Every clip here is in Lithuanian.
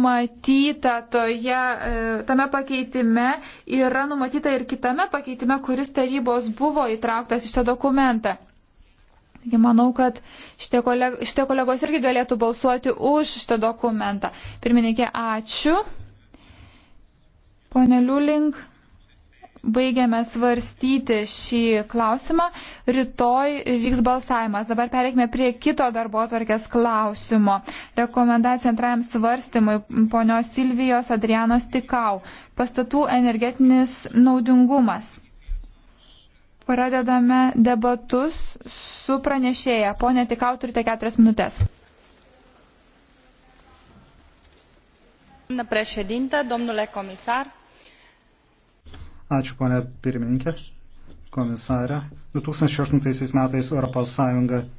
numatyta toje, e, tame pakeitime yra numatyta ir kitame pakeitime, kuris tarybos buvo įtrauktas į šitą dokumentą. Taigi manau, kad šitie, koleg šitie kolegos irgi galėtų balsuoti už šitą dokumentą. Pirmininkė, ačiū. Pone Liulink baigiame svarstyti šį klausimą. Rytoj vyks balsavimas. Dabar pereikime prie kito darbo atvarkės klausimo. Rekomendacija antrajam svarstymui ponios Silvijos Adrianos Tikau. Pastatų energetinis naudingumas. Pradedame debatus su pranešėja. Pone Tikau, turite keturias minutės. Domnule președinte, domnule comisar, Ačiū, ponė pirmininkė, komisarė. 2008 metais ES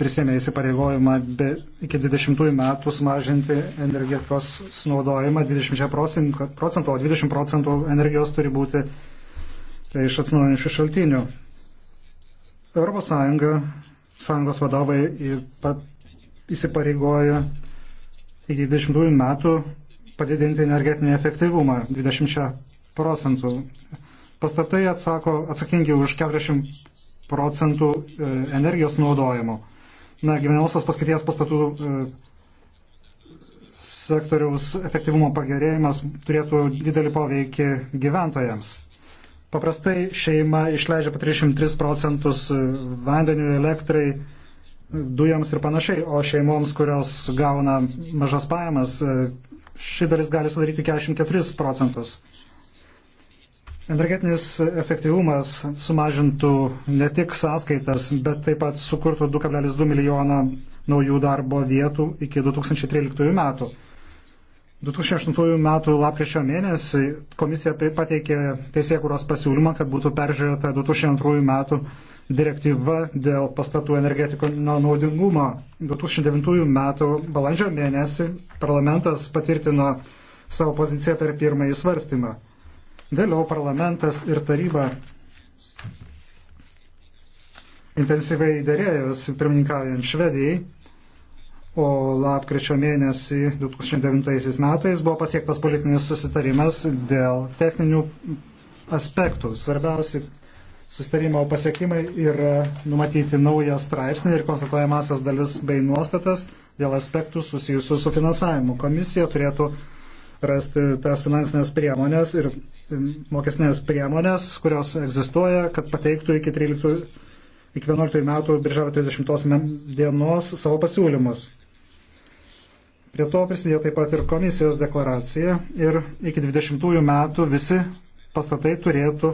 prisėmė įsipareigojimą be, iki 20 metų sumažinti energetikos sunaudojimą 20 procentų, o 20 procentų energijos turi būti tai iš atsinaujinančių šaltinių. ES sąjungos vadovai įsipareigojo iki 20 metų padidinti energetinį efektyvumą 20 procentų. Pastatai atsako, atsakingi už 40 procentų e, energijos naudojimo. Na, gyvenamosios paskirties pastatų e, sektoriaus efektyvumo pagerėjimas turėtų didelį poveikį gyventojams. Paprastai šeima išleidžia po 303 procentus e, vandeniu, elektrai, dujams ir panašiai, o šeimoms, kurios gauna mažas pajamas, ši dalis gali sudaryti 44 procentus. Energetinis efektyvumas sumažintų ne tik sąskaitas, bet taip pat sukurtų 2,2 milijoną naujų darbo vietų iki 2013 metų. 2008 metų lapkričio mėnesį komisija pateikė teisėkūros pasiūlymą, kad būtų peržiūrėta 2002 metų direktyva dėl pastatų energetikinio naudingumo. 2009 metų balandžio mėnesį parlamentas patvirtino savo poziciją per pirmąjį svarstymą. Vėliau parlamentas ir taryba intensyviai dėrėjosi pirmininkaujant Švedijai, o lapkričio mėnesį 2009 metais buvo pasiektas politinis susitarimas dėl techninių aspektų. Svarbiausi susitarimo pasiekimai yra numatyti naują straipsnį ir konstatuojamasias dalis bei nuostatas dėl aspektų susijusių su finansavimu. Komisija turėtų rasti tas finansinės priemonės ir mokesnės priemonės, kurios egzistuoja, kad pateiktų iki, 13, iki 11 metų birželio 30 dienos savo pasiūlymus. Prie to prisidėjo taip pat ir komisijos deklaracija ir iki 20 metų visi pastatai turėtų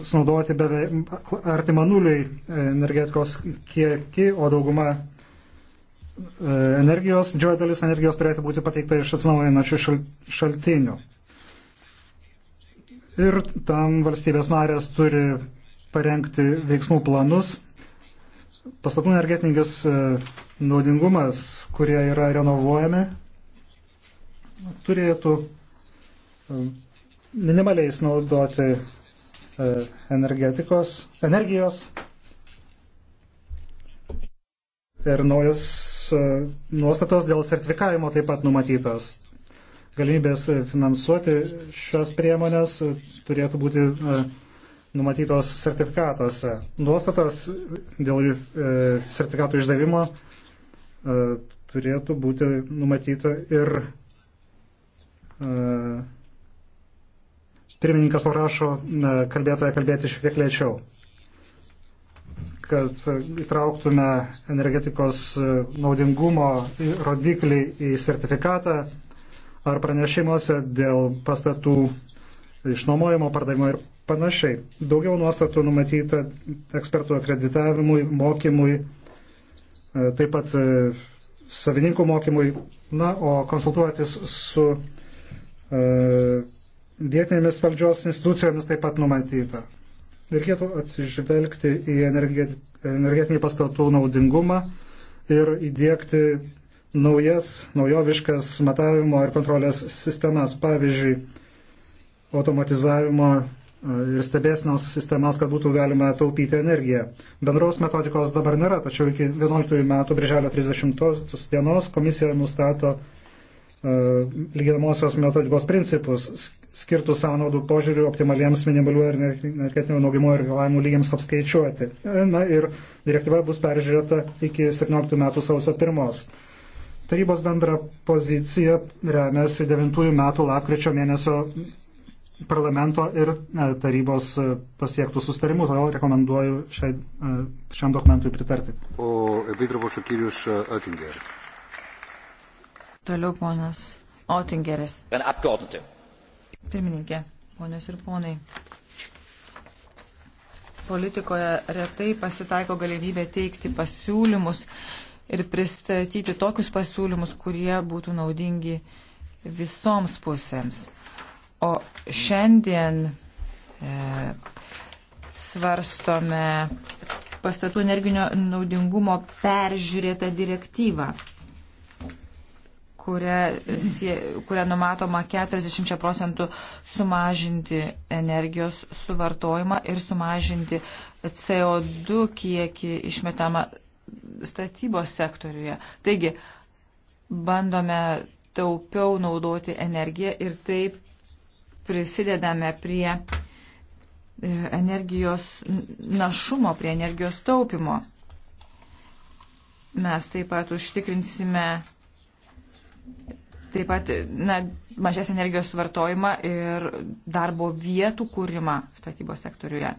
sunaudoti beveik artimą nuliui e, energetikos kiekį, o dauguma E, energijos, didžioji dalis energijos turėtų būti pateikta iš atsinaujinančių šaltinių. Ir tam valstybės narės turi parengti veiksmų planus. Pastatų energetinis e, naudingumas, kurie yra renovuojami, turėtų e, minimaliai naudoti energetikos, energijos ir naujas e, nuostatos dėl sertifikavimo taip pat numatytos. Galimybės finansuoti šios priemonės e, turėtų būti e, numatytos sertifikatuose. Nuostatos dėl sertifikatų išdavimo turėtų būti numatyta ir pirmininkas paprašo kalbėtoje kalbėti šiek tiek lėčiau kad įtrauktume energetikos e, naudingumo rodiklį į sertifikatą ar pranešimuose dėl pastatų išnuomojimo, pardavimo ir panašiai. Daugiau nuostatų numatyta ekspertų akreditavimui, mokymui, e, taip pat e, savininkų mokymui, na, o konsultuotis su vietinėmis valdžios institucijomis taip pat numatyta. Reikėtų atsižvelgti į energetinį pastatų naudingumą ir įdėkti naujas, naujoviškas matavimo ir kontrolės sistemas, pavyzdžiui, automatizavimo ir stebėsinos sistemas, kad būtų galima taupyti energiją. Bendros metodikos dabar nėra, tačiau iki 11 metų birželio 30 dienos komisija nustato uh, lyginamosios metodikos principus skirtų sąnaudų požiūrių optimaliems minimalių energetinių naudimo ir reikalavimų lygiams apskaičiuoti. Na ir direktyva bus peržiūrėta iki 17 metų sausio 1. Tarybos bendra pozicija remiasi 9 metų lapkričio mėnesio parlamento ir e, tarybos e, pasiektų sustarimų, todėl rekomenduoju šiai, e, šiam dokumentui pritarti. O Epitropos Kyrius Oettinger. Toliau ponas Oettingeris. Pirmininkė, ponios ir ponai. Politikoje retai pasitaiko galimybė teikti pasiūlymus ir pristatyti tokius pasiūlymus, kurie būtų naudingi visoms pusėms. O šiandien e, svarstome pastatų energinio naudingumo peržiūrėtą direktyvą kurią, kurią numatoma 40 procentų sumažinti energijos suvartojimą ir sumažinti CO2 kiekį išmetamą statybos sektoriuje. Taigi, bandome taupiau naudoti energiją ir taip prisidedame prie e, energijos našumo, prie energijos taupimo. Mes taip pat užtikrinsime taip pat na, mažes energijos suvartojimą ir darbo vietų kūrimą statybos sektoriuje.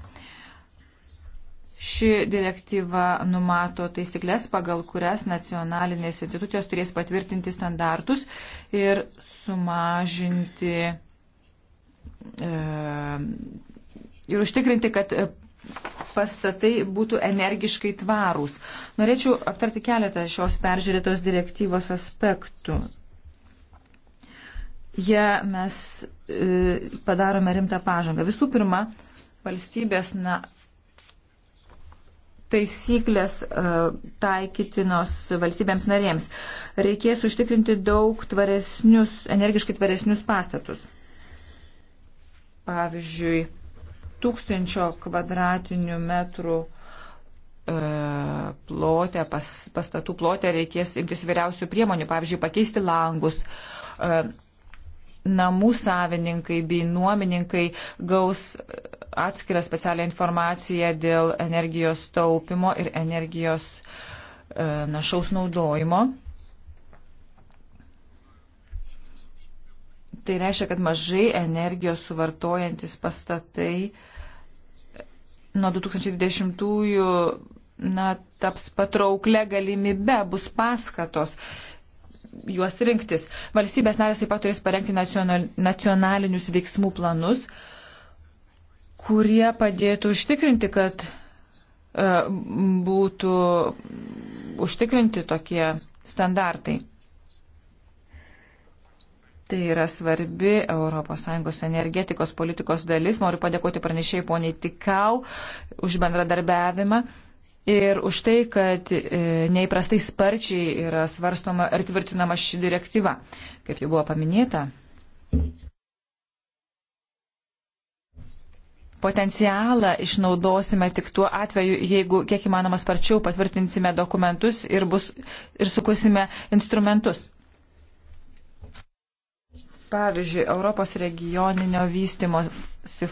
Ši direktyva numato taisyklės, pagal kurias nacionalinės institucijos turės patvirtinti standartus ir sumažinti e, ir užtikrinti, kad pastatai būtų energiškai tvarūs. Norėčiau aptarti keletą šios peržiūrėtos direktyvos aspektų ja mes e, padarome rimtą pažangą. Visų pirma, valstybės na, taisyklės e, taikytinos valstybėms narėms. Reikės užtikrinti daug tvaresnius, energiškai tvaresnius pastatus. Pavyzdžiui, tūkstančio kvadratinių metrų e, plotę, pas, pastatų plotę reikės imtis vyriausių priemonių, pavyzdžiui, pakeisti langus, namų savininkai bei nuomininkai gaus atskirą specialią informaciją dėl energijos taupimo ir energijos e, našaus naudojimo. Tai reiškia, kad mažai energijos suvartojantis pastatai e, nuo 2020-ųjų na, taps patrauklę galimybę, bus paskatos. Uh, juos rinktis. Valstybės narės taip pat turės parengti nacionalinius veiksmų planus, kurie padėtų užtikrinti, kad e, būtų užtikrinti tokie standartai. Tai yra svarbi ES energetikos politikos dalis. Noriu padėkoti pranešėjai poniai Tikau už bendradarbiavimą ir už tai, kad e, neįprastai sparčiai yra svarstoma ir tvirtinama ši direktyva, kaip jau buvo paminėta. Potencialą išnaudosime tik tuo atveju, jeigu kiek įmanoma sparčiau patvirtinsime dokumentus ir, bus, ir sukusime instrumentus. Pavyzdžiui, Europos regioninio vystimo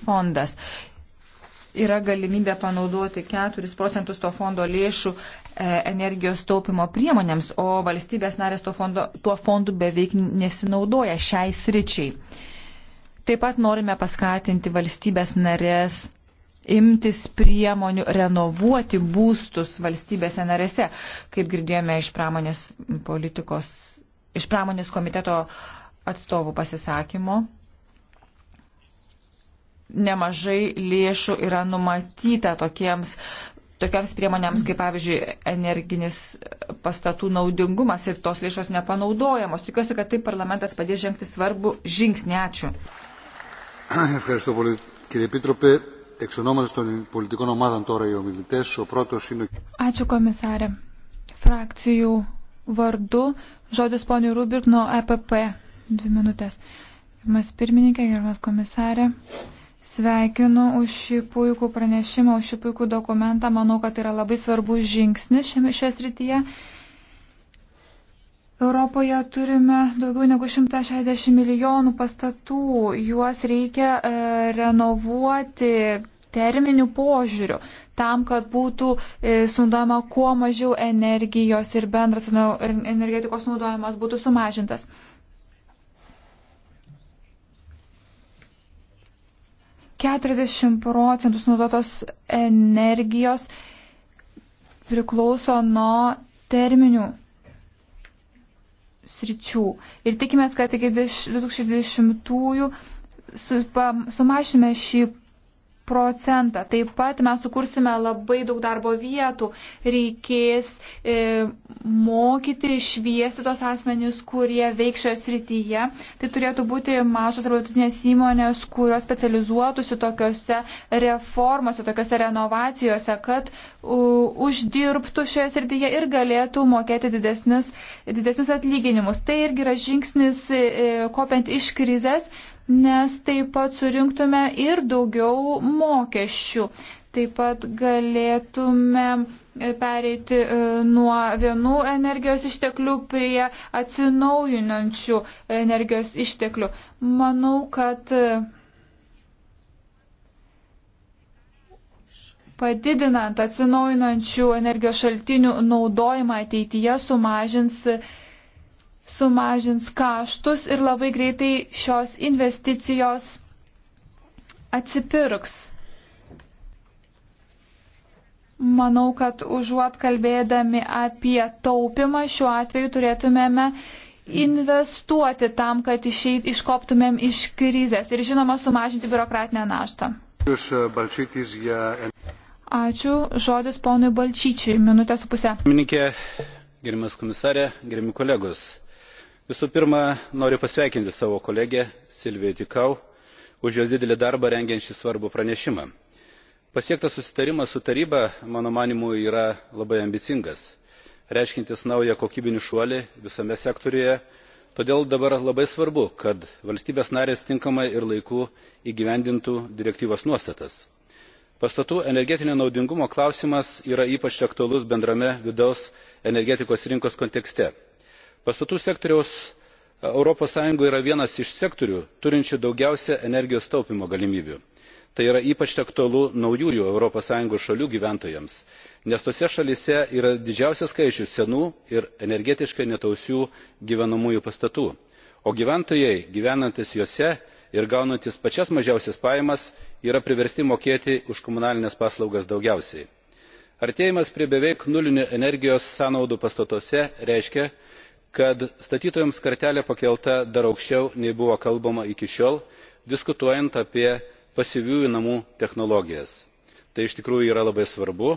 fondas yra galimybė panaudoti 4 procentus to fondo lėšų e, energijos taupimo priemonėms, o valstybės narės to fondo, tuo fondu beveik nesinaudoja šiai sričiai. Taip pat norime paskatinti valstybės narės imtis priemonių renovuoti būstus valstybėse narėse, kaip girdėjome iš pramonės politikos, iš pramonės komiteto atstovų pasisakymo nemažai lėšų yra numatyta tokiems, tokiams priemonėms, kaip pavyzdžiui, energinis pastatų naudingumas ir tos lėšos nepanaudojamos. Tikiuosi, kad taip parlamentas padės žengti svarbų žingsnį. Ačiū. Ačiū komisarė. Frakcijų vardu žodis ponių Rubirk nuo EPP. Dvi minutės. Gerbiamas pirmininkė, gerbiamas komisarė. Sveikinu už šį puikų pranešimą, už šį puikų dokumentą. Manau, kad tai yra labai svarbus žingsnis šiame šioje srityje. Europoje turime daugiau negu 160 milijonų pastatų. Juos reikia e, renovuoti terminių požiūrių tam, kad būtų e, sunaudojama kuo mažiau energijos ir bendras energetikos naudojimas būtų sumažintas. E, 40 procentų sunaudotos energijos priklauso nuo terminių sričių. Ir tikimės, kad iki 2020-ųjų sumažime šį procentą. Taip pat mes sukursime labai daug darbo vietų. Reikės e, mokyti, šviesti tos asmenys, kurie veikščio srityje. Tai turėtų būti mažos arba vidutinės įmonės, kurios specializuotųsi tokiuose reformose, tokiuose renovacijose, kad u, uždirbtų šioje srityje ir galėtų mokėti didesnius, didesnius atlyginimus. Tai irgi yra žingsnis e, kopiant iš krizės nes taip pat surinktume ir daugiau mokesčių. Taip pat galėtume e, pereiti e, nuo vienų energijos išteklių prie atsinaujinančių energijos išteklių. Manau, kad e, padidinant atsinaujinančių energijos šaltinių naudojimą ateityje sumažins sumažins kaštus ir labai greitai šios investicijos atsipirks. Manau, kad užuot kalbėdami apie taupimą, šiuo atveju turėtumėme investuoti tam, kad išeit, iškoptumėm iš krizės ir žinoma sumažinti biurokratinę naštą. E, Ačiū. Žodis ponui Balčyčiui. Minutė su pusė. Minikė, gerimas komisarė, gerimi kolegos visų pirma noriu pasveikinti savo kolegę silviją icu už jos didelį darbą rengiant šį svarbų pranešimą. pasiektas susitarimas su taryba mano manymu yra labai ambicingas reiškiantis naują kokybinį šuolį visame sektoriuje todėl dabar labai svarbu kad valstybės narės tinkamai ir laiku įgyvendintų direktyvos nuostatas. pastatų energetinio naudingumo klausimas yra ypač aktualus bendrame vidaus energetikos rinkos kontekste pastatų sektorius e, europos sąjungoje yra vienas iš sektorių turinčių daugiausiai energijos taupymo galimybių. tai yra ypač aktualu naujųjų europos sąjungos šalių gyventojams nes tose šalyse yra didžiausias skaičius senų ir energetiškai netausių gyvenamųjų pastatų o gyventojai gyvenantys juose ir gaunantys pačias mažiausias pajamas yra priversti mokėti už komunalines paslaugas daugiausiai. artėjimas prie beveik nulinių energijos sąnaudų pastatuose reiškia kad statytojams kartelė pakelta dar aukščiau nei buvo kalbama iki šiol diskutuojant apie pasyviųjų namų technologijas. tai iš tikrųjų yra labai svarbu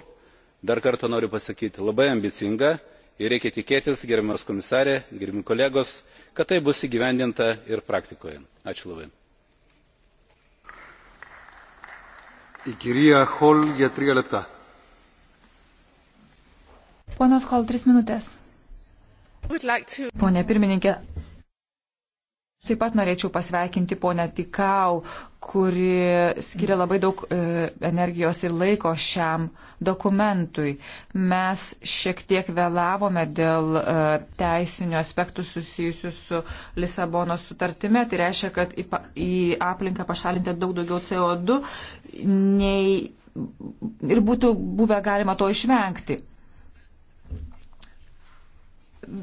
dar kartą noriu pasakyti labai ambicinga ir reikia tikėtis gerbiamas komisare gerbiami kolegos kad tai bus įgyvendinta ir praktikoje. ačiū labai. Ponas Hol, tris minutės. Pone pirmininkė, taip pat norėčiau pasveikinti ponę Tikau, kuri skiria labai daug e, energijos ir laiko šiam dokumentui. Mes šiek tiek vėlavome dėl e, teisinių aspektų susijusių su Lisabonos sutartime. Tai reiškia, kad į, į aplinką pašalinti daug daugiau CO2 nei ir būtų buvę galima to išvengti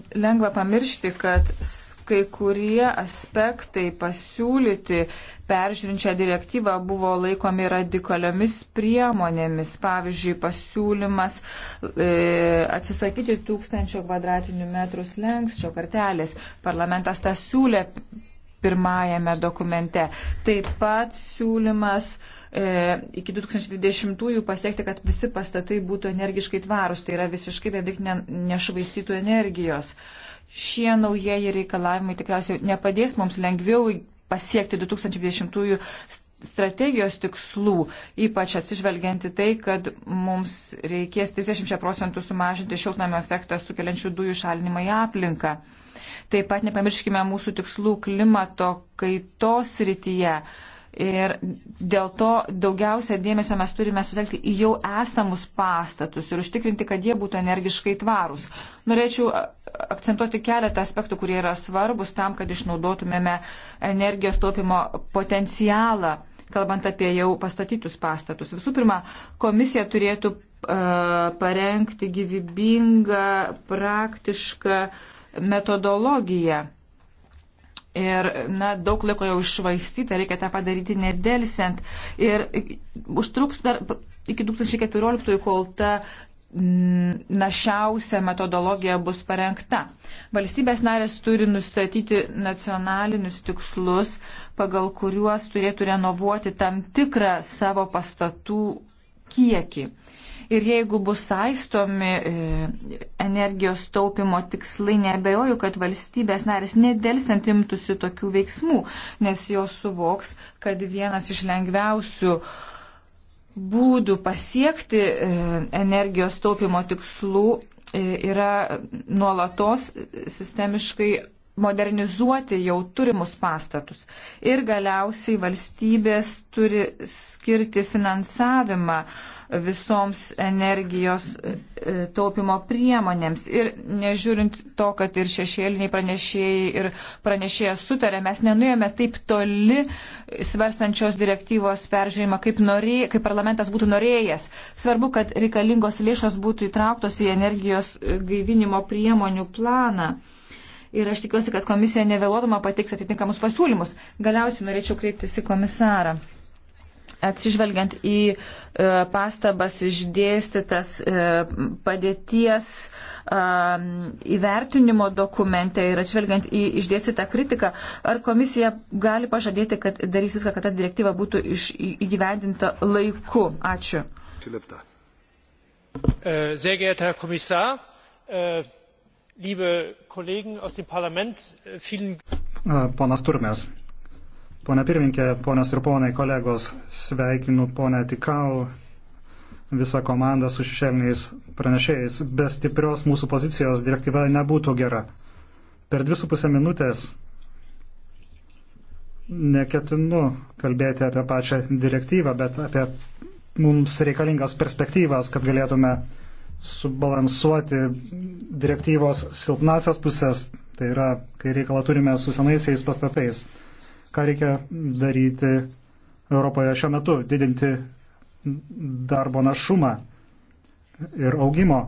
lengva pamiršti, kad kai kurie aspektai pasiūlyti peržiūrinčią direktyvą buvo laikomi radikaliomis priemonėmis. Pavyzdžiui, pasiūlymas e, atsisakyti tūkstančio kvadratinių metrų slengščio kartelės. Parlamentas tą siūlė pirmajame dokumente. Taip pat siūlymas e, E, iki 2020-ųjų pasiekti, kad visi pastatai būtų energiškai tvarus, tai yra visiškai beveik ne, nešvaistytų energijos. Šie naujieji reikalavimai tikriausiai nepadės mums lengviau pasiekti 2020-ųjų strategijos tikslų, ypač atsižvelgianti tai, kad mums reikės 30 procentų sumažinti šiltnamio efektą sukeliančių dujų šalinimą į aplinką. Taip pat nepamirškime mūsų tikslų klimato kaitos rytyje. Uh, Ir dėl to daugiausia dėmesio mes turime sutelkti į jau esamus pastatus ir užtikrinti, kad jie būtų energiškai tvarūs. Norėčiau akcentuoti keletą aspektų, kurie yra svarbus tam, kad išnaudotumėme energijos taupimo potencialą, kalbant apie jau pastatytus pastatus. Visų pirma, komisija turėtų uh, parengti gyvybingą, praktišką metodologiją Ir, na, daug laiko jau išvaistyta, reikia tą padaryti nedelsiant. Ir užtruks dar iki 2014, kol ta mm, našiausia metodologija bus parengta. Valstybės narės turi nustatyti nacionalinius tikslus, pagal kuriuos turėtų renovuoti tam tikrą savo pastatų kiekį. Uh, Ir jeigu bus saistomi e, energijos taupimo tikslai, nebejoju, kad valstybės narės nedelsiant imtųsi tokių veiksmų, nes jos suvoks, kad vienas iš lengviausių būdų pasiekti e, energijos taupimo tikslų e, yra nuolatos sistemiškai modernizuoti jau turimus pastatus. Ir galiausiai valstybės turi skirti finansavimą visoms energijos e, e, taupimo priemonėms. Ir nežiūrint to, kad ir šešėliniai pranešėjai ir pranešėjas sutarė, mes nenuėjome taip toli svarstančios direktyvos peržiūrimą, kaip, norė, kaip parlamentas būtų norėjęs. Svarbu, kad reikalingos lėšos būtų įtrauktos į energijos gaivinimo priemonių planą ir aš tikiuosi, kad komisija nevėlodama patiks atitinkamus pasiūlymus. Galiausiai norėčiau kreiptis į komisarą. Atsižvelgiant į e, pastabas išdėstytas e, padėties e, įvertinimo dokumente ir atsižvelgiant į išdėstytą kritiką, ar komisija gali pažadėti, kad darys viską, kad ta direktyva būtų iš, įgyvendinta laiku? Ačiū. E, Sehr geehrter Herr Kommissar, e, liebe Kollegen aus dem Parlament, äh, vielen Ponas Turmės. Pone pirminkė, ponios ir ponai kolegos, sveikinu ponę Tikau, visą komandą su šešėliniais pranešėjais. Be stiprios mūsų pozicijos direktyva nebūtų gera. Per dvi su pusę minutės neketinu kalbėti apie pačią direktyvą, bet apie mums reikalingas perspektyvas, kad galėtume uh, subalansuoti direktyvos silpnasias pusės, tai yra, kai reikalą turime su senaisiais pastatais, ką reikia daryti Europoje šiuo metu, didinti darbo našumą ir augimo.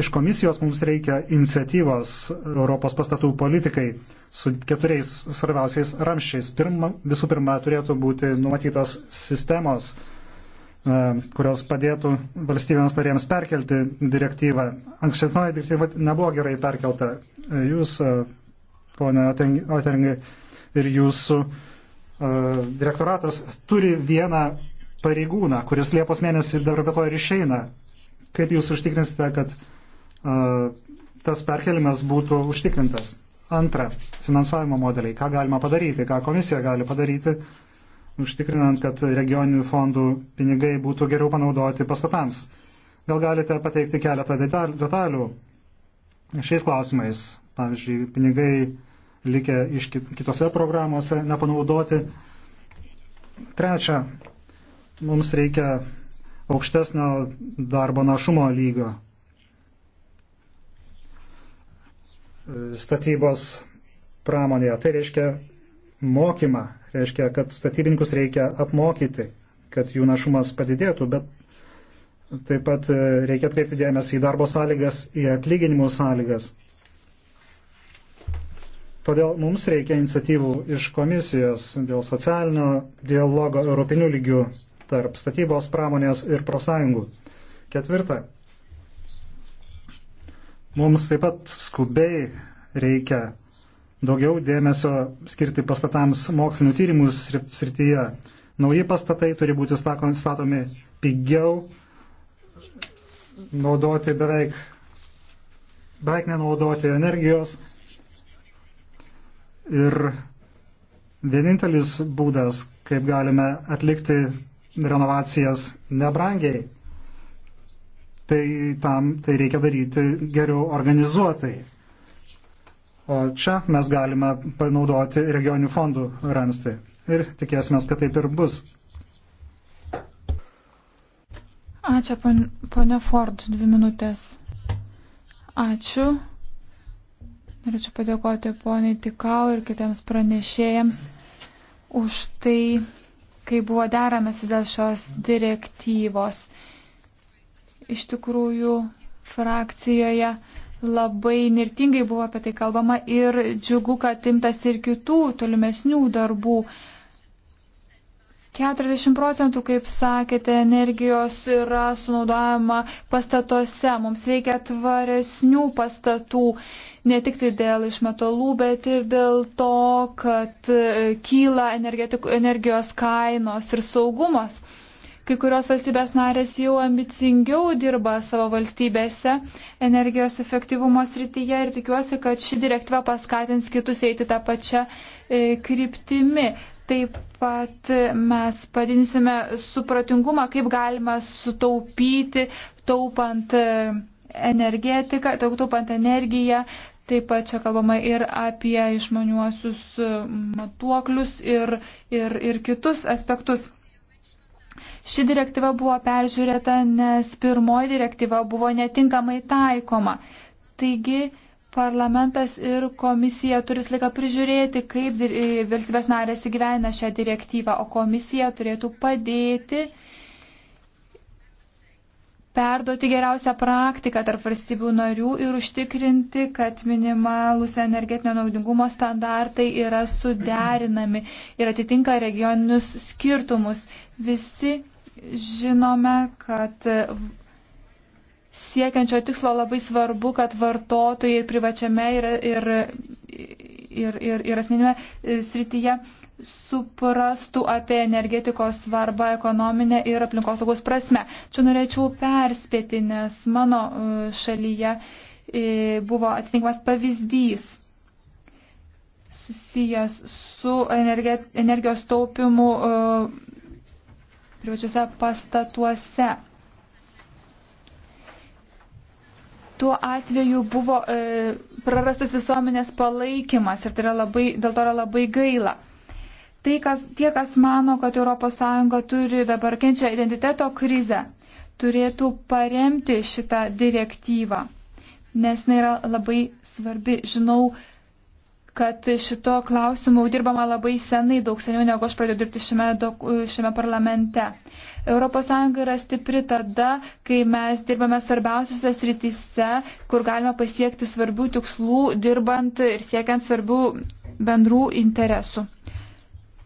Iš komisijos mums reikia iniciatyvos Europos pastatų politikai su keturiais svarbiausiais ramščiais. Pirma, visų pirma, turėtų būti numatytos sistemos E, kurios padėtų valstybėms narėms perkelti direktyvą. Anksčesnoji direktyva nebuvo gerai perkelta. E, jūs, e, ponė Oteringai, ir jūsų direktoratas turi vieną pareigūną, kuris Liepos mėnesį dabar be to ir išeina. Kaip jūs užtikrinsite, kad uh, tas perkelimas būtų užtikrintas? Antra, finansavimo modeliai. Ką galima padaryti, ką komisija gali padaryti, uh, užtikrinant, kad regioninių fondų pinigai būtų geriau panaudoti pastatams. Gal galite pateikti keletą detalių šiais klausimais? Pavyzdžiui, pinigai likę iš kitose programuose nepanaudoti. Trečia, mums reikia aukštesnio darbo našumo lygio. Statybos pramonėje. Tai reiškia mokymą reiškia, kad statybininkus reikia apmokyti, kad jų našumas padidėtų, bet taip pat e, reikia atkreipti dėmesį į darbo sąlygas, į atlyginimų sąlygas. Todėl mums reikia iniciatyvų iš komisijos dėl socialinio dialogo europinių lygių tarp statybos pramonės ir profsąjungų. Ketvirta. Mums taip pat skubiai reikia daugiau dėmesio skirti pastatams mokslinių tyrimų srityje. Nauji pastatai turi būti statomi pigiau, naudoti beveik, beveik nenaudoti energijos. Ir vienintelis būdas, kaip galime atlikti renovacijas nebrangiai, tai tam tai reikia daryti geriau organizuotai. O čia mes galime panaudoti regionių fondų ramstį. Ir tikėsime, kad taip ir bus. Ačiū, pon, ponia Ford, dvi minutės. Ačiū. Norėčiau padėkoti poniai Tikau ir kitiems pranešėjams už tai, kai buvo deramasi dėl šios direktyvos. Iš tikrųjų, frakcijoje labai nirtingai buvo apie tai kalbama ir džiugu, kad imtas ir kitų tolimesnių darbų. 40 procentų, kaip sakėte, energijos yra sunaudojama pastatuose. Mums reikia tvaresnių pastatų, ne tik tai dėl išmetalų, bet ir dėl to, kad e, kyla energijos kainos ir saugumas. Kai kurios valstybės narės jau ambicingiau dirba savo valstybėse energijos efektyvumo srityje ir tikiuosi, kad ši direktyva paskatins kitus eiti tą pačią e, kryptimi. Taip pat e, mes padinsime supratingumą, kaip galima sutaupyti, taupant e, energetiką, taupant energiją, Taip pat čia kalbama ir apie išmaniuosius matuoklius ir, ir, ir kitus aspektus. Ši direktyva buvo peržiūrėta, nes pirmoji direktyva buvo netinkamai taikoma. Taigi parlamentas ir komisija turi laiką prižiūrėti, kaip e, valstybės narės įgyvena šią direktyvą, o komisija turėtų padėti perduoti geriausią praktiką tarp valstybių narių ir užtikrinti, kad minimalūs energetinio naudingumo standartai yra suderinami ir atitinka regioninius skirtumus. Visi žinome, kad siekiančio tikslo labai svarbu, kad vartotojai privačiame ir, ir, ir, ir, ir asmeninėme srityje suprastų apie energetikos svarbą ekonominę ir aplinkosaugos prasme. Čia norėčiau perspėti, nes mano e, šalyje e, buvo atitinkamas pavyzdys susijęs su energijos taupimu e, privačiuose pastatuose. tuo atveju buvo e, prarastas visuomenės palaikymas ir tai yra labai, dėl to yra labai gaila. Tai, kas, tie, kas mano, kad ES turi dabar kenčia identiteto krizę, turėtų paremti šitą direktyvą, nes tai yra labai svarbi. Žinau, kad šito klausimu dirbama labai senai, daug seniau negu aš pradėjau dirbti šiame, šiame parlamente. ES yra stipri tada, kai mes dirbame svarbiausiose srityse, kur galima pasiekti svarbių tikslų, dirbant ir siekiant svarbių bendrų interesų.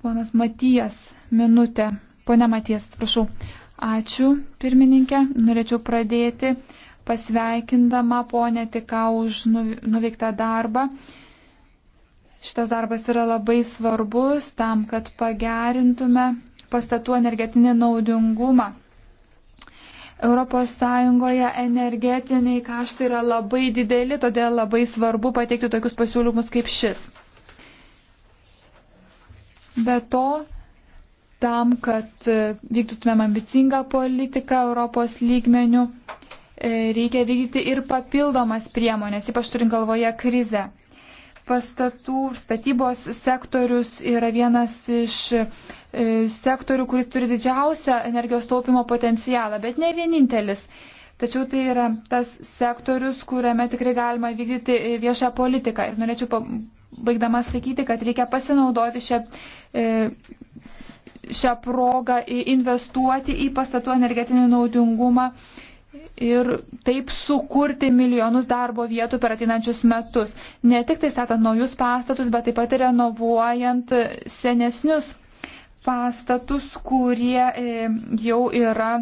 Ponas Matijas, minutė. Pone Matijas, atsiprašau. Ačiū, pirmininkė. Norėčiau pradėti pasveikindama ponę Tiką už nu, nuveiktą darbą. Šitas darbas yra labai svarbus tam, kad pagerintume pastatų energetinį naudingumą. ES energetiniai kaštai yra labai dideli, todėl labai svarbu pateikti tokius pasiūlymus kaip šis. Be to, tam, kad vykdytumėm ambicingą politiką Europos lygmenių, e, reikia vykdyti ir papildomas priemonės, ypač turint galvoje krizę. Pastatų statybos sektorius yra vienas iš e, sektorių, kuris turi didžiausią energijos taupimo potencialą, bet ne vienintelis. Tačiau tai yra tas sektorius, kuriame tikrai galima vykdyti viešą politiką. Ir norėčiau baigdama sakyti, kad reikia pasinaudoti šią, e, šią progą investuoti į pastatų energetinį naudingumą ir taip sukurti milijonus darbo vietų per ateinančius metus. Ne tik tai statant naujus pastatus, bet taip pat ir renovuojant senesnius pastatus, kurie e, jau yra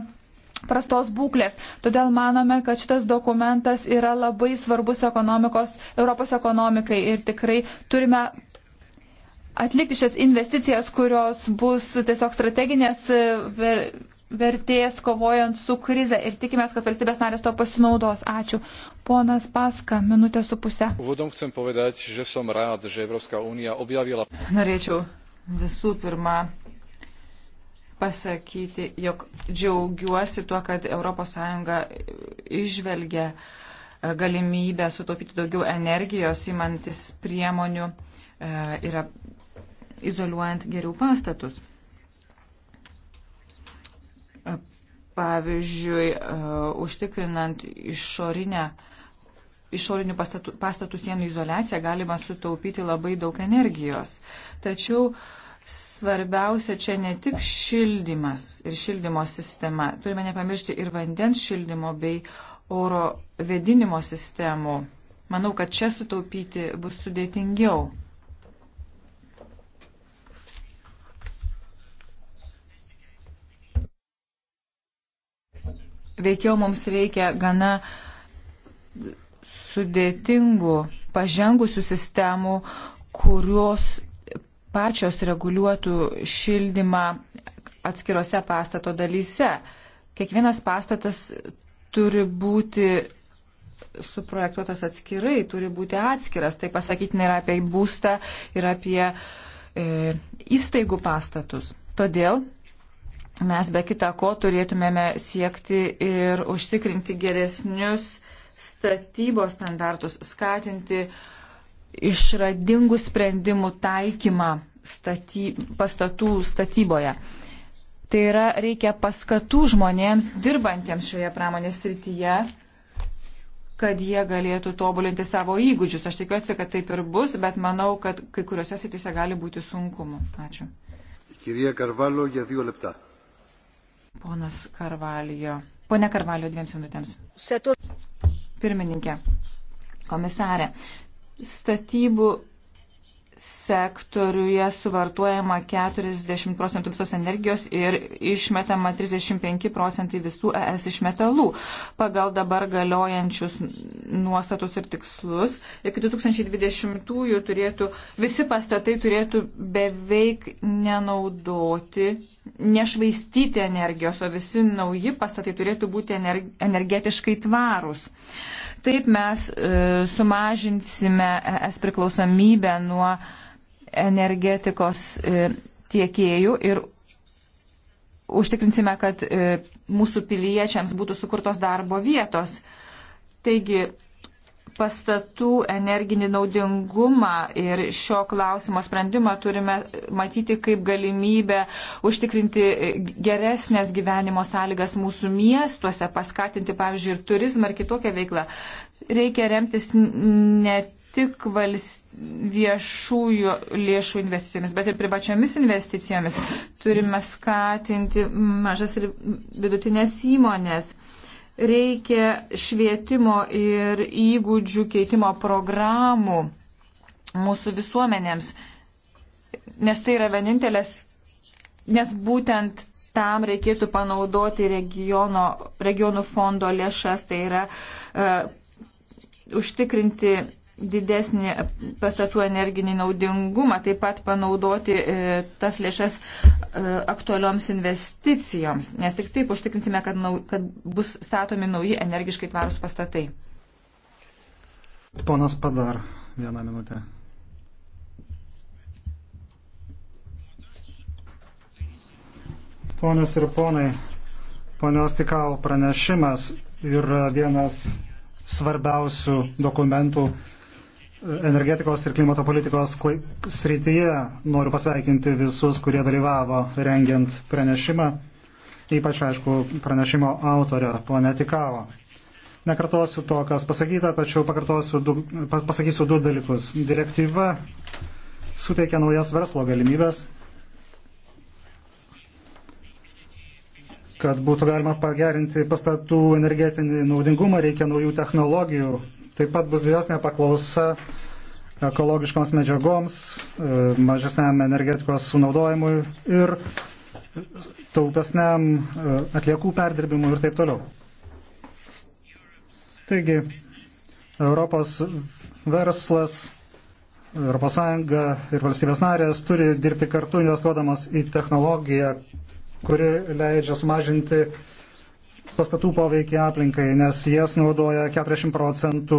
prastos būklės. Todėl manome, kad šitas dokumentas yra labai svarbus ekonomikos, Europos ekonomikai ir tikrai turime atlikti šias investicijas, kurios bus tiesiog strateginės e, ver, vertės kovojant su krize ir tikimės, kad valstybės narės to pasinaudos. Ačiū. Ponas Paska, minutė su pusė. Norėčiau visų pirma pasakyti, jog džiaugiuosi tuo, kad ES išvelgia e, galimybę sutaupyti daugiau energijos, įmantis priemonių e, ir izoliuojant geriau pastatus. E, pavyzdžiui, užtikrinant išorinę, išorinių pastatų, pastatų sienų izolaciją galima sutaupyti labai daug energijos. Tačiau uh, Svarbiausia čia ne tik šildymas ir šildymo sistema, turime nepamiršti ir vandens šildymo bei oro vedinimo sistemų. Manau, kad čia sutaupyti bus sudėtingiau. Veikiau mums reikia gana sudėtingų, pažengusių sistemų, kurios pačios reguliuotų šildymą atskirose pastato dalyse. Kiekvienas pastatas turi būti suprojektuotas atskirai, turi būti atskiras. Tai pasakytina ir apie būstą, ir apie e, įstaigų pastatus. Todėl mes be kita ko turėtumėme siekti ir užtikrinti geresnius statybos standartus, skatinti uh, išradingų sprendimų taikymą staty, pastatų statyboje. Tai yra reikia paskatų žmonėms dirbantiems šioje pramonės srityje, kad jie galėtų tobulinti savo įgūdžius. Aš tikiuosi, kad taip ir bus, bet manau, kad kai kuriuose srityse gali būti sunkumų. Ačiū. Karvalio, Ponas Karvalijo. Pone Karvalijo, dviems minutėms. Pirmininkė, komisarė, statybų sektoriuje suvartojama 40 procentų visos energijos ir išmetama 35 procentai visų ES išmetalų. Pagal dabar galiojančius nuostatus ir tikslus, iki 2020-ųjų turėtų, visi pastatai turėtų beveik nenaudoti, nešvaistyti energijos, o visi nauji pastatai turėtų būti energetiškai tvarūs. Uh, Taip mes e, sumažinsime es priklausomybę nuo energetikos e, tiekėjų ir užtikrinsime, kad e, mūsų piliečiams būtų sukurtos darbo vietos. Taigi, pastatų energinį naudingumą ir šio klausimo sprendimą turime matyti kaip galimybę užtikrinti geresnės gyvenimo sąlygas mūsų miestuose, paskatinti, pavyzdžiui, ir turizmą ar kitokią veiklą. Reikia remtis ne tik viešųjų lėšų investicijomis, bet ir privačiomis investicijomis. Turime skatinti mažas ir vidutinės įmonės Reikia švietimo ir įgūdžių keitimo programų mūsų visuomenėms, nes tai yra vienintelės, nes būtent tam reikėtų panaudoti regiono, regionų fondo lėšas, tai yra uh, užtikrinti didesnį pastatų energinį naudingumą, taip pat panaudoti e, tas lėšas e, aktualioms investicijoms, nes tik taip užtikrinsime, kad, nau, kad bus statomi nauji energiškai tvarūs pastatai. Ponas Padar, vieną minutę. Ponios ir ponai, ponios Tikau pranešimas yra vienas svarbiausių dokumentų energetikos ir klimato politikos srityje. Noriu pasveikinti visus, kurie dalyvavo rengiant pranešimą, ypač, aišku, pranešimo autorę, ponę Tikavo. Nekartosiu to, kas pasakyta, tačiau du, pasakysiu du dalykus. Direktyva suteikia naujas verslo galimybės, kad būtų galima pagerinti pastatų energetinį naudingumą, reikia naujų technologijų, Taip pat bus didesnė paklausa ekologiškoms medžiagoms, e, mažesniam energetikos sunaudojimui ir taupesniam e, atliekų perdirbimui ir taip toliau. Taigi, Europos verslas, ES ir valstybės narės turi dirbti kartu investuodamas į technologiją, kuri leidžia sumažinti uh, pastatų poveikį aplinkai, nes jas naudoja 40 procentų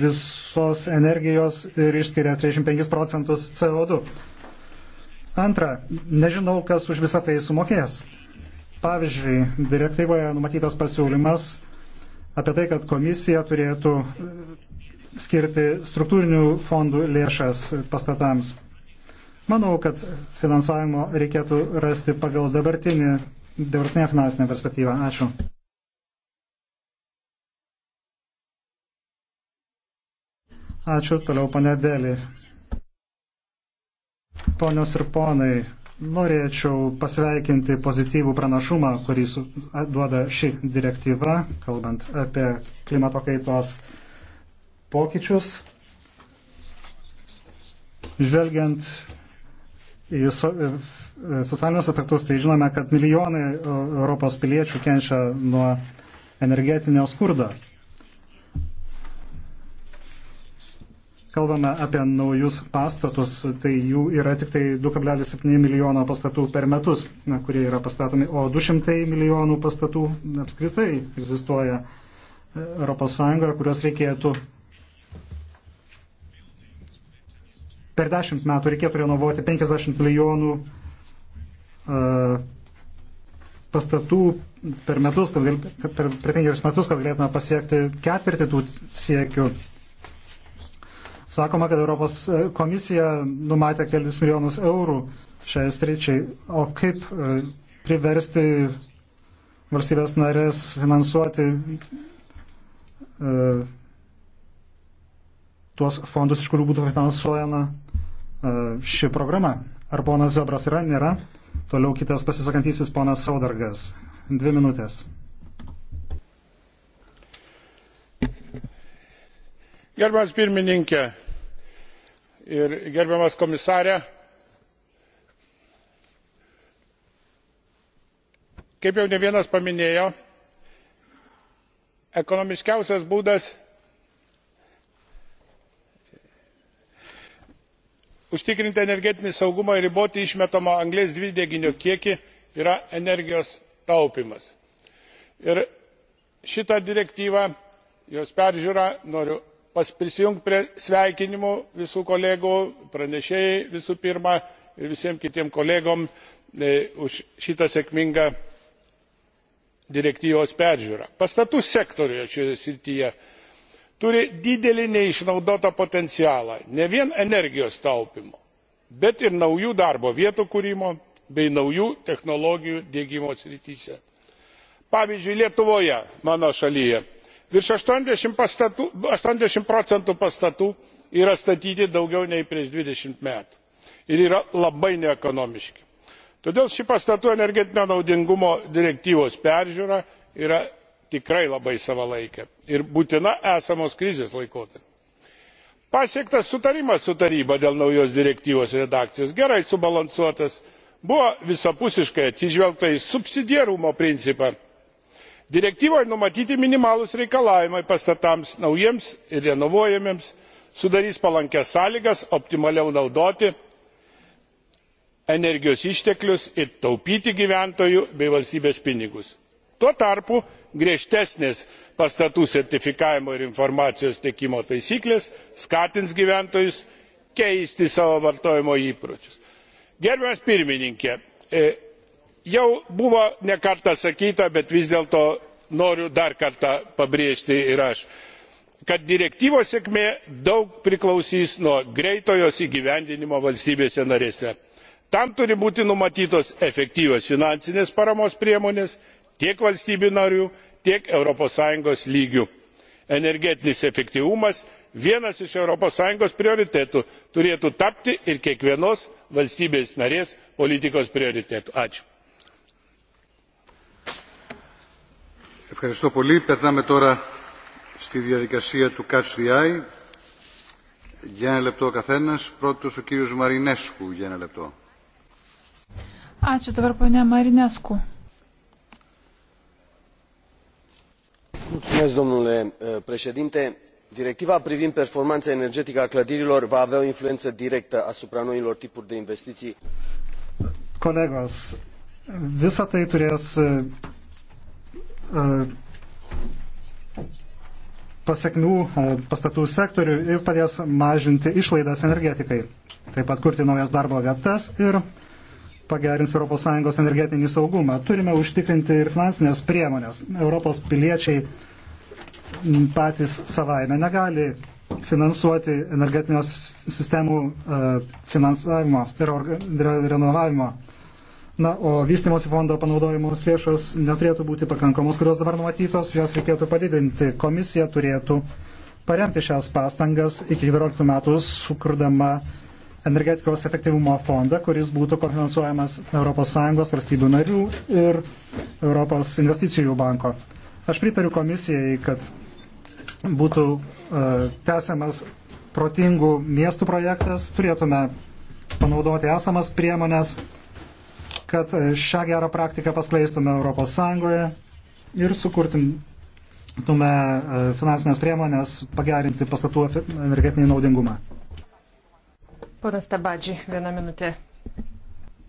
visos energijos ir išskiria 35 procentus CO2. Antra, nežinau, kas už visą tai sumokės. Pavyzdžiui, direktyvoje numatytas pasiūlymas apie tai, kad komisija turėtų e, skirti struktūrinių fondų lėšas pastatams. Manau, kad finansavimo reikėtų rasti pagal dabartinį, dabartinę finansinę perspektyvą. Ačiū. Ačiū, toliau panedėlį. Ponios ir ponai, norėčiau pasveikinti pozityvų pranašumą, kurį duoda ši direktyva, kalbant apie klimato kaitos pokyčius. Žvelgiant į so, e, e, socialinius aspektus, tai žinome, kad milijonai e, Europos piliečių kenčia nuo energetinio skurdo. kalbame apie naujus pastatus, tai jų yra tik tai 2,7 milijono pastatų per metus, na, kurie yra pastatomi, o 200 milijonų pastatų apskritai egzistuoja ES, kuriuos reikėtų per 10 metų reikėtų renovuoti 50 milijonų uh, pastatų per metus, kad, per, per 5 metus, kad galėtume pasiekti ketvirtį tų siekių. Sakoma, kad Europos e, komisija numatė kelius milijonus eurų šiai streičiai. O kaip e, priversti valstybės narės finansuoti uh, tuos fondus, iš kurių būtų finansuojama uh, ši programa? Ar ponas Zebras yra? Nėra. Toliau kitas pasisakantysis ponas Saudargas. Dvi minutės gerbiamas pirmininke ir gerbiamas komisare kaip jau ne vienas paminėjo ekonomiškiausias būdas užtikrinti energetinį saugumą ir riboti išmetamo anglies dvideginio kiekį yra energijos taupymas. ir šitą direktyvą jos peržiūrą noriu prisijungti prie sveikinimų visų kolegų pranešėjai visų pirma ir visiems kitiems kolegoms e, už šitą sėkmingą direktyvos peržiūrą. pastatų sektorius šioje srityje turi didelį neišnaudotą potencialą ne vien energijos taupymo bet ir naujų darbo vietų kūrimo bei naujų technologijų diegimo srityse. pavyzdžiui lietuvoje mano šalyje virš aštuoniasdešimt procentų pastatų yra statyti daugiau nei prieš dvidešimt metų ir yra labai neekonomiški. todėl ši pastatų energetinio naudingumo direktyvos peržiūra yra tikrai labai savalaikė ir būtina esamos krizės laikotarpiu. pasiektas sutarimas su taryba dėl naujos direktyvos redakcijos gerai subalansuotas buvo visapusiškai atsižvelgta į subsidiarumo principą direktyvoje numatyti minimalūs reikalavimai pastatams naujiems ir renovuojamiems sudarys palankias sąlygas optimaliau naudoti energijos išteklius ir taupyti gyventojų bei valstybės pinigus. tuo tarpu griežtesnės pastatų sertifikavimo ir informacijos teikimo taisyklės skatins gyventojus keisti savo vartojimo įpročius jau buvo ne kartą sakyta bet vis dėlto noriu dar kartą pabrėžti ir aš kad direktyvos sėkmė daug priklausys nuo greito jos įgyvendinimo valstybėse narėse. tam turi būti numatytos efektyvios finansinės paramos priemonės tiek valstybių narių tiek europos sąjungos lygiu. energetinis efektyvumas vienas iš europos sąjungos prioritetų turėtų tapti ir kiekvienos valstybės narės politikos prioritetu. Ευχαριστώ πολύ. Περνάμε τώρα στη διαδικασία του Catch the Eye. Για ένα λεπτό ο καθένας. Πρώτος ο κύριος Μαρινέσκου για ένα λεπτό. Ačiū dabar ponia Marinescu. Mulțumesc, domnule e, președinte. Directiva privind performanța energetică a clădirilor va avea o influență directă asupra noilor tipuri de investiții. Kolegos, visa tai turės pasiekmių e, pastatų sektorių ir padės mažinti išlaidas energetikai, taip pat kurti naujas darbo vietas ir pagerins ES energetinį saugumą. Turime užtikrinti ir finansinės priemonės. Europos piliečiai patys savaime negali finansuoti energetinės sistemų e, finansavimo ir renovavimo. Na, o vystimosi fondo panaudojamos lėšos neturėtų būti pakankamos, kurios dabar numatytos, jas reikėtų padidinti. Komisija turėtų paremti šias pastangas iki 14 metų sukurdama energetikos efektyvumo fondą, kuris būtų kofinansuojamas ES valstybių narių ir Europos investicijų banko. Aš pritariu komisijai, kad būtų uh, tęsiamas protingų miestų projektas, turėtume panaudoti esamas priemonės kad e, šią gerą praktiką paskleistume ES ir sukurtume e, finansinės priemonės pagerinti pastatų energetinį naudingumą. Ponas Tabadži, vieną minutę.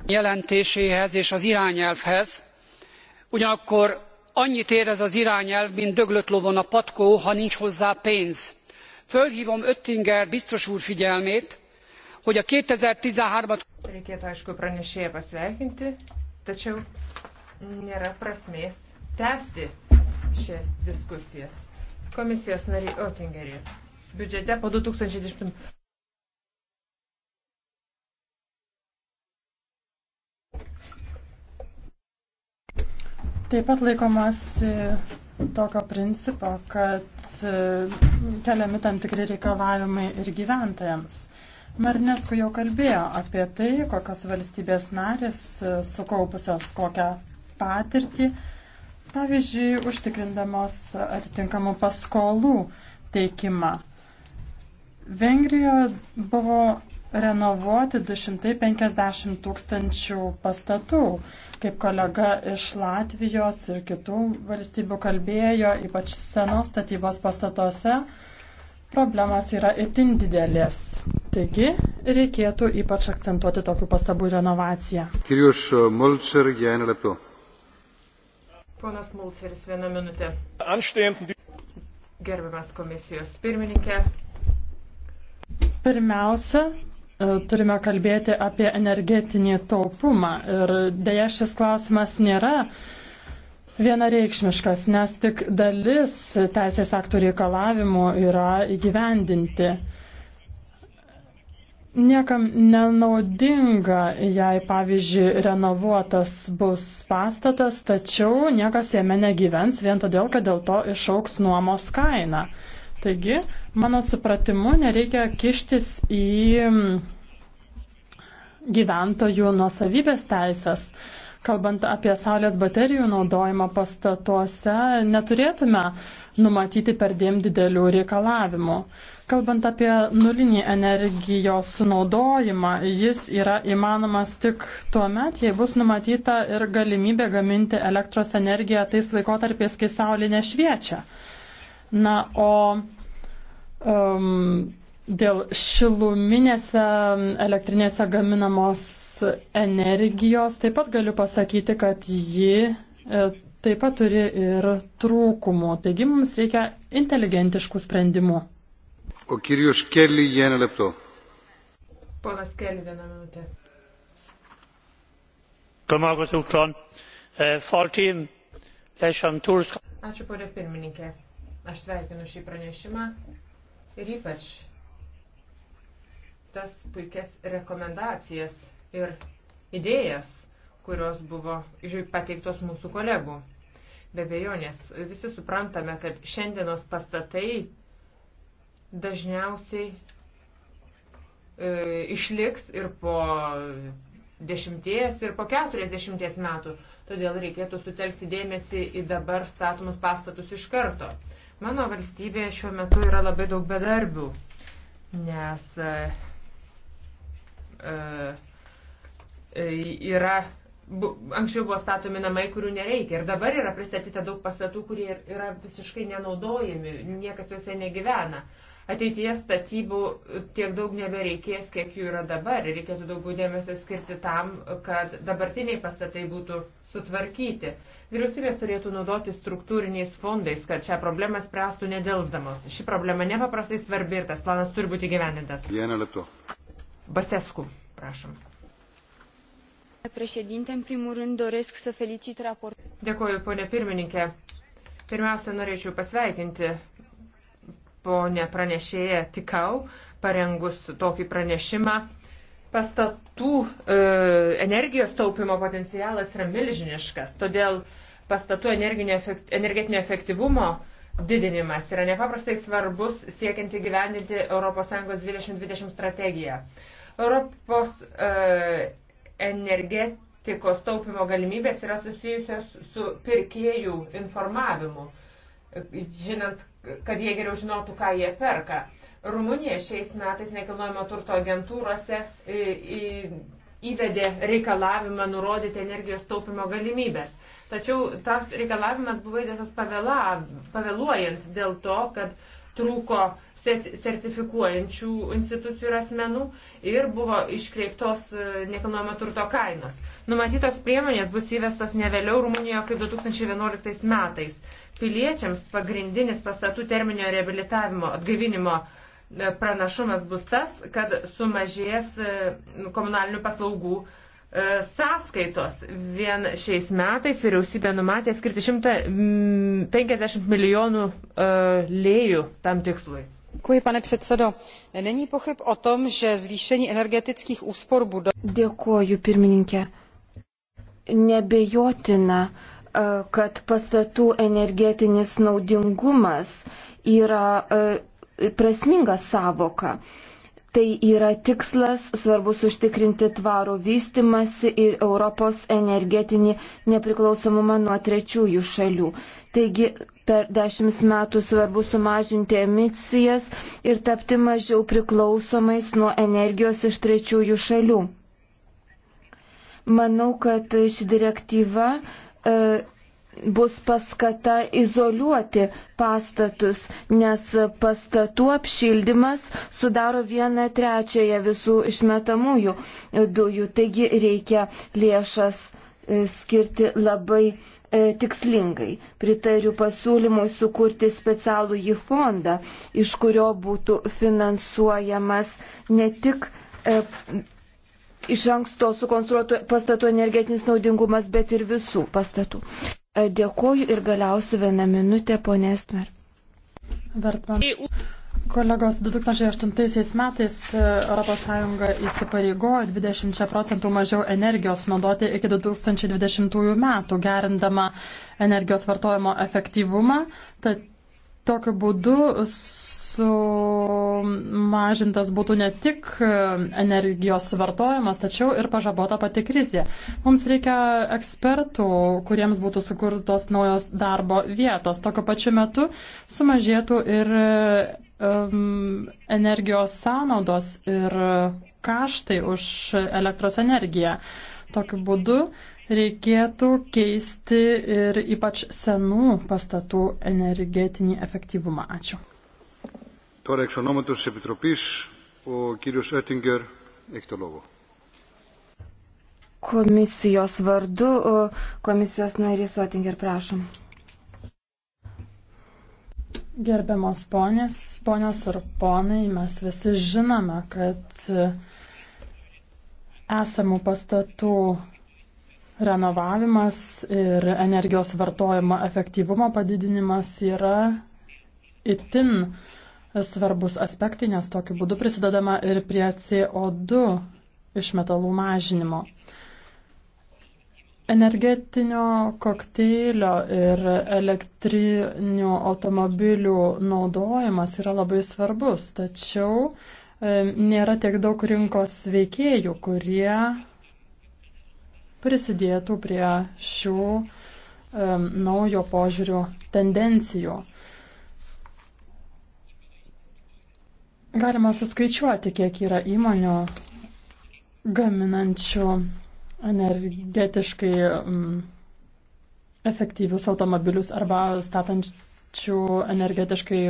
Jelentéséhez és az irányelvhez. Ugyanakkor annyit ér ez az irányelv, mint döglött lovon a patkó, ha nincs hozzá pénz. Fölhívom Öttinger biztos úr figyelmét, hogy a 2013-at Reikėtų, aišku, pranešėją pasveikinti, tačiau nėra prasmės tęsti šias diskusijas. Komisijos nariai Otingerį. Biudžete po 2010. Taip pat laikomas tokio principo, kad keliami tam tikri reikalavimai ir gyventojams. Marnesko jau kalbėjo apie tai, kokios valstybės narės e, sukaupusios kokią patirtį, pavyzdžiui, užtikrindamos atitinkamų paskolų teikimą. Vengrijoje buvo renovuoti 250 tūkstančių pastatų, kaip kolega iš Latvijos ir kitų valstybių kalbėjo, ypač senos statybos pastatuose problemas yra itin didelės. Taigi reikėtų ypač akcentuoti tokių pastabų renovaciją. Kirius Mulcer, Janė Lepio. Ponas Mulceris, vieną minutę. Gerbiamas komisijos pirmininkė. Pirmiausia, e, turime kalbėti apie energetinį taupumą ir dėja šis klausimas nėra vienareikšmiškas, nes tik dalis teisės aktų reikalavimų yra įgyvendinti. Niekam nenaudinga, jei, pavyzdžiui, renovuotas bus pastatas, tačiau niekas jame negyvens vien todėl, kad dėl to išauks nuomos kaina. Taigi, mano supratimu, nereikia kištis į gyventojų nuosavybės teisės. Uh, Kalbant apie saulės baterijų naudojimą pastatuose, neturėtume numatyti perdėm didelių reikalavimų. Kalbant apie nulinį energijos sunaudojimą, jis yra įmanomas tik tuo met, jei bus numatyta ir galimybė gaminti elektros energiją tais laikotarpiais, kai saulė nešviečia. Na, o um, dėl šiluminėse elektrinėse gaminamos energijos taip pat galiu pasakyti, kad ji e, taip pat turi ir trūkumų. Taigi mums reikia inteligentiškų sprendimų. O Kirijus Kelly, vieną lepto. Ponas Kelly, vieną minutę. E, Ačiū, ponė pirmininkė. Aš sveikinu šį pranešimą ir ypač tas puikias rekomendacijas ir idėjas, kurios buvo pateiktos mūsų kolegų. Be bejonės, visi suprantame, kad šiandienos pastatai dažniausiai e, išliks ir po dešimties ir po keturiasdešimties metų. Todėl reikėtų sutelkti dėmesį į dabar statomus pastatus iš karto. Mano valstybėje šiuo metu yra labai daug bedarbių, nes e, E, e, yra, bu, anksčiau buvo statomi namai, kurių nereikia. Ir dabar yra pristatyta daug pastatų, kurie yra visiškai nenaudojami, niekas juose negyvena. Ateityje statybų tiek daug nebereikės, kiek jų yra dabar. Reikėtų daugiau dėmesio skirti tam, kad dabartiniai pastatai būtų sutvarkyti. Vyriausybės turėtų naudoti struktūriniais fondais, kad šią problemą spręstų nedelsdamos. Ši problema nepaprastai svarbi ir tas planas turi būti gyvenintas. Basescu, prašom. Dėkuoju, ponė pirmininkė. Pirmiausia, norėčiau pasveikinti ponę pranešėją Tikau, parengus tokį pranešimą. Pastatų e, energijos taupimo potencialas yra milžiniškas, todėl pastatų efekt, energetinio efektyvumo didinimas yra nepaprastai svarbus siekiant įgyvendinti ES 2020 strategiją. Europos e, energetikos taupimo galimybės yra susijusios su pirkėjų informavimu, žinant, kad jie geriau žinotų, ką jie perka. Rumunija šiais metais nekilnojamo turto agentūrose e, įvedė reikalavimą nurodyti energijos taupimo galimybės. Tačiau tas reikalavimas buvo įdėtas pavėluojant dėl to, kad trūko uh, sertifikuojančių institucijų ir asmenų ir buvo iškreiptos e, nekilnojamo turto kainos. Numatytos priemonės bus įvestos ne vėliau Rumunijoje kaip 2011 metais. Piliečiams pagrindinis pastatų terminio reabilitavimo atgaivinimo e, pranašumas bus tas, kad sumažės e, komunalinių paslaugų sąskaitos. Vien šiais metais vyriausybė numatė skirti 150 milijonų lėjų tam tikslui pane předsedající není pochyb o tom že zvýšení energetických úspor budov. dėkoju pirmininke neabejotina e, kad pastatų energetinis naudingumas yra e, prasminga savoka Tai yra tikslas, svarbus užtikrinti tvarų vystimasi ir Europos energetinį nepriklausomumą nuo trečiųjų šalių. Taigi per dešimt metų svarbu sumažinti emisijas ir tapti mažiau priklausomais nuo energijos iš trečiųjų šalių. Manau, kad ši direktyva e, bus paskata izoliuoti pastatus, nes pastatų apšildymas sudaro vieną trečiąją visų išmetamųjų dujų. Taigi reikia lėšas e, skirti labai e, tikslingai. Pritariu pasiūlymui sukurti specialų jį fondą, iš kurio būtų finansuojamas ne tik e, iš anksto sukonstruotų pastatų energetinis naudingumas, bet ir visų pastatų. Dėkoju ir galiausiai vieną minutę, ponė Estmer. Vertman. Kolegos, 2008 metais ES įsipareigojo 20 procentų mažiau energijos naudoti iki 2020 metų, gerindama energijos vartojimo efektyvumą, tad Tokiu būdu sumažintas būtų ne tik e, energijos suvartojimas, tačiau ir pažabota pati krizė. Mums reikia ekspertų, kuriems būtų sukurtos naujos darbo vietos. Tokiu pačiu metu sumažėtų ir um, energijos sąnaudos ir kaštai už elektros energiją. Tokiu būdu uh, reikėtų keisti ir ypač senų pastatų energetinį efektyvumą. Ačiū. Τώρα εξ ονόματος της Επιτροπής, ο κύριος Έτιγκερ έχει το λόγο. Komisijos vardu, komisijos narys Otinger, prašom. Gerbiamos ponės, ponios ir ponai, mes visi žinome, kad esamų pastatų renovavimas ir energijos vartojimo efektyvumo padidinimas yra itin svarbus aspektai, nes tokiu būdu prisidedama ir prie CO2 išmetalų mažinimo. Energetinio kokteilio ir elektrinių automobilių naudojimas yra labai svarbus, tačiau e, nėra tiek daug rinkos veikėjų, kurie prisidėtų prie šių um, naujo požiūrio tendencijų. Galima suskaičiuoti, kiek yra įmonių gaminančių energetiškai um, efektyvius automobilius arba statančių energetiškai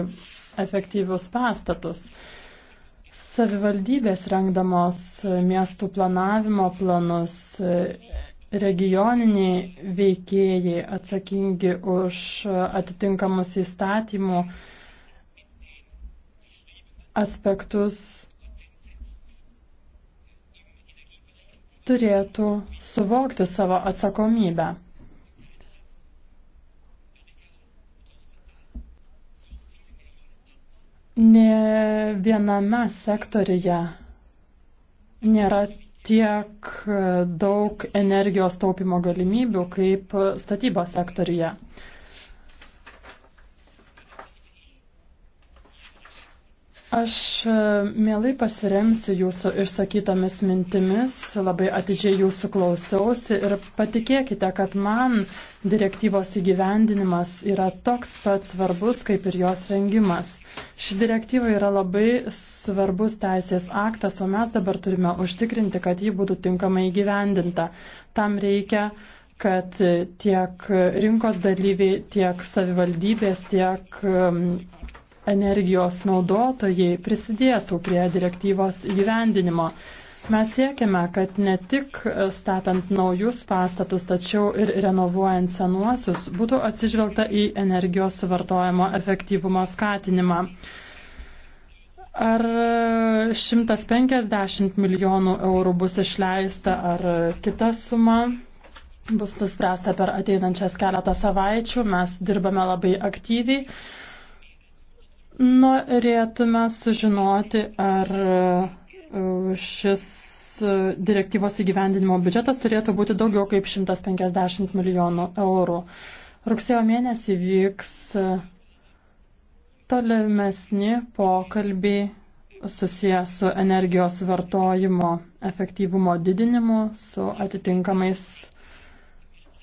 efektyvius pastatus. Uh, Savivaldybės rengdamos miestų planavimo planus, regioniniai veikėjai atsakingi už atitinkamus įstatymų aspektus turėtų suvokti savo atsakomybę. ne viename sektorija nėra tiek daug energijos taupimo galimybių kaip statybos sektorija. Aš e, mielai pasiremsiu jūsų išsakytomis mintimis, labai atidžiai jūsų klausiausi ir patikėkite, kad man direktyvos įgyvendinimas yra toks pat svarbus, kaip ir jos rengimas. Ši direktyva yra labai svarbus teisės aktas, o mes dabar turime užtikrinti, kad ji būtų tinkamai įgyvendinta. Tam reikia kad tiek rinkos dalyviai, tiek savivaldybės, tiek energijos naudotojai prisidėtų prie direktyvos įgyvendinimo. Mes siekiame, kad ne tik statant naujus pastatus, tačiau ir renovuojant senuosius būtų atsižvelgta į energijos suvartojimo efektyvumo skatinimą. Ar 150 milijonų eurų bus išleista ar kita suma bus nuspręsta per ateinančias keletą savaičių. Mes dirbame labai aktyviai. Norėtume sužinoti, ar e, šis direktyvos įgyvendinimo biudžetas turėtų būti daugiau kaip 150 milijonų eurų. Rugsėjo mėnesį vyks e, tolimesni pokalbiai susijęs su energijos vartojimo efektyvumo didinimu, su atitinkamais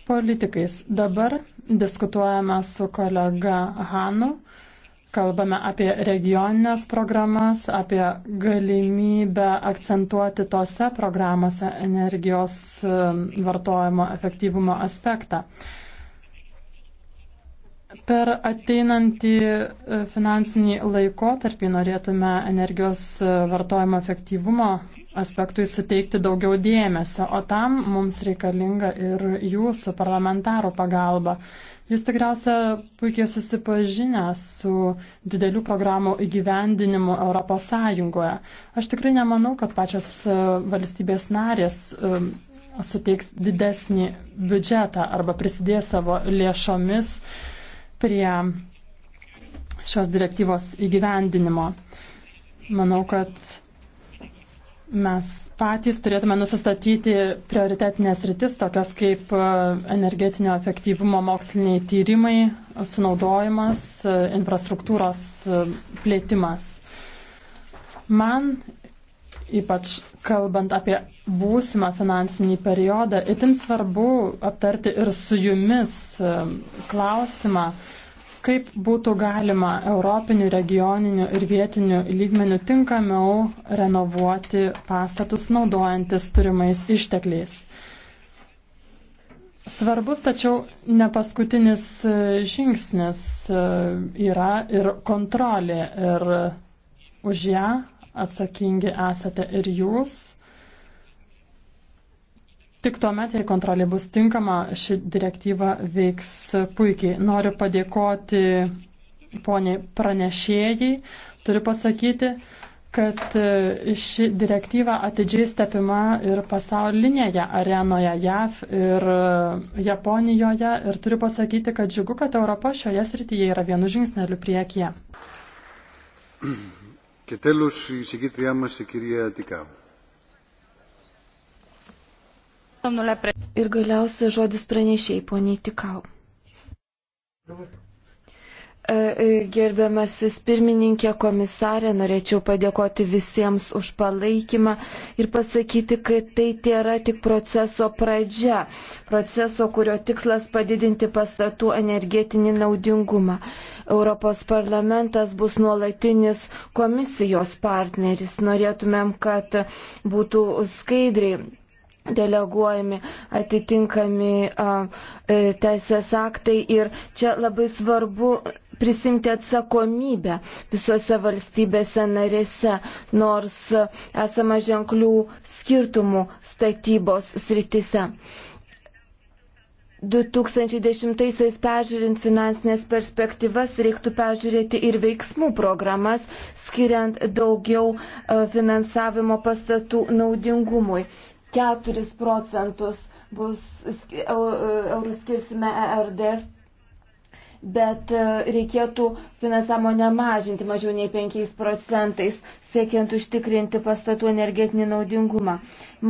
politikais. Dabar diskutuojame su kolega Hanu Kalbame apie regioninės programas, apie galimybę akcentuoti tose programose energijos um, vartojimo efektyvumo aspektą. Per ateinantį uh, finansinį laikotarpį norėtume energijos uh, vartojimo efektyvumo aspektui suteikti daugiau dėmesio, o tam mums reikalinga ir jūsų parlamentarų pagalba. Jūs tikriausia puikiai susipažinę su didelių programų įgyvendinimu Europos Sąjungoje. Aš tikrai nemanau, kad pačios e, valstybės narės e, suteiks didesnį biudžetą arba prisidės savo lėšomis prie šios direktyvos įgyvendinimo. Manau, kad Mes patys turėtume nusistatyti prioritetinės rytis, tokias kaip e, energetinio efektyvumo moksliniai tyrimai, sunaudojimas, e, infrastruktūros e, plėtimas. Man, ypač kalbant apie būsimą finansinį periodą, itin svarbu aptarti ir su jumis klausimą, kaip būtų galima europinių, regioninių ir vietinių lygmenių tinkamiau renovuoti pastatus naudojantis turimais ištekliais. Svarbus, tačiau ne paskutinis e, žingsnis e, yra ir kontrolė ir už ją atsakingi esate ir jūs. Tik tuomet, jei kontrolė bus tinkama, ši direktyva veiks puikiai. Noriu padėkoti poniai pranešėjai. Turiu pasakyti, kad e, ši direktyva atidžiai stebima ir pasaulinėje arenoje JAV ir e, Japonijoje. Ir turiu pasakyti, kad džiugu, kad Europa šioje srityje yra vienu žingsneliu priekyje. Και τέλος η συγκήτριά μας η κυρία Τικάου. Ir galiausia žodis pranešiai, poniai Tikau. E, e, gerbiamasis pirmininkė, komisarė, norėčiau padėkoti visiems už palaikymą ir pasakyti, kad tai tėra tik proceso pradžia, proceso, kurio tikslas padidinti pastatų energetinį naudingumą. Europos parlamentas bus nuolatinis komisijos partneris. Norėtumėm, kad būtų skaidriai deleguojami atitinkami e, teisės aktai ir čia labai svarbu prisimti atsakomybę visose valstybėse narėse, nors esama ženklių skirtumų statybos sritise. 2010-aisiais peržiūrint finansinės perspektyvas reiktų peržiūrėti ir veiksmų programas, skiriant daugiau finansavimo pastatų naudingumui. 4 procentus bus e- eurų skirsime ERDF, bet e, reikėtų finansavimo nemažinti mažiau nei 5 procentais, siekiant užtikrinti pastatų energetinį naudingumą.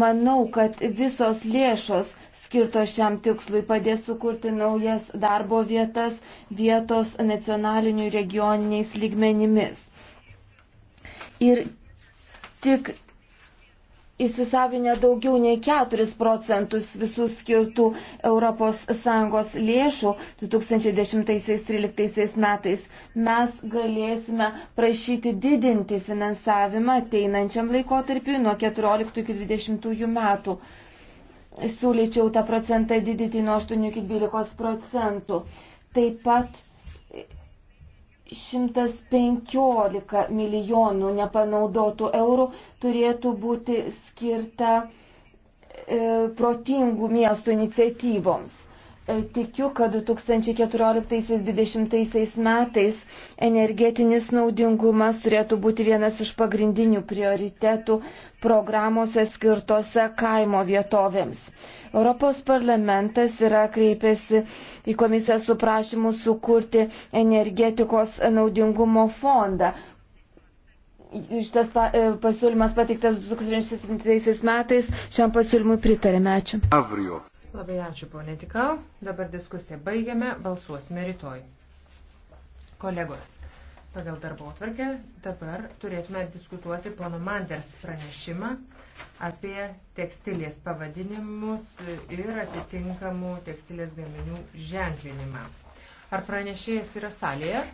Manau, kad visos lėšos skirtos šiam tikslui padės sukurti naujas darbo vietas vietos nacionalinių regioniniais lygmenimis. Ir tik įsisavinę daugiau nei 4 procentus visų skirtų ES lėšų 2010-2013 metais, mes galėsime prašyti didinti finansavimą ateinančiam laikotarpiu nuo 14 iki 20 metų. Siūlyčiau tą procentą didyti nuo 8 iki 12 procentų. Taip pat 115 milijonų nepanaudotų eurų turėtų būti skirta e, protingų miestų iniciatyvoms. E, tikiu, kad 2014-2020 metais energetinis naudingumas turėtų būti vienas iš pagrindinių prioritetų programuose skirtose kaimo vietovėms. Europos parlamentas yra kreipėsi į komisiją su prašymu sukurti energetikos naudingumo fondą. Šitas e, pasiūlymas pateiktas 2007 metais, šiam pasiūlymui pritarėme. Ačiū. Avrio. Labai ačiū, ponė Tikau. Dabar diskusiją baigiame, balsuosime rytoj. Kolegos, pagal darbo atvarkę dabar turėtume diskutuoti pono Manders pranešimą apie tekstilės pavadinimus ir atitinkamų tekstilės gaminių ženklinimą. Ar pranešėjas yra salėje?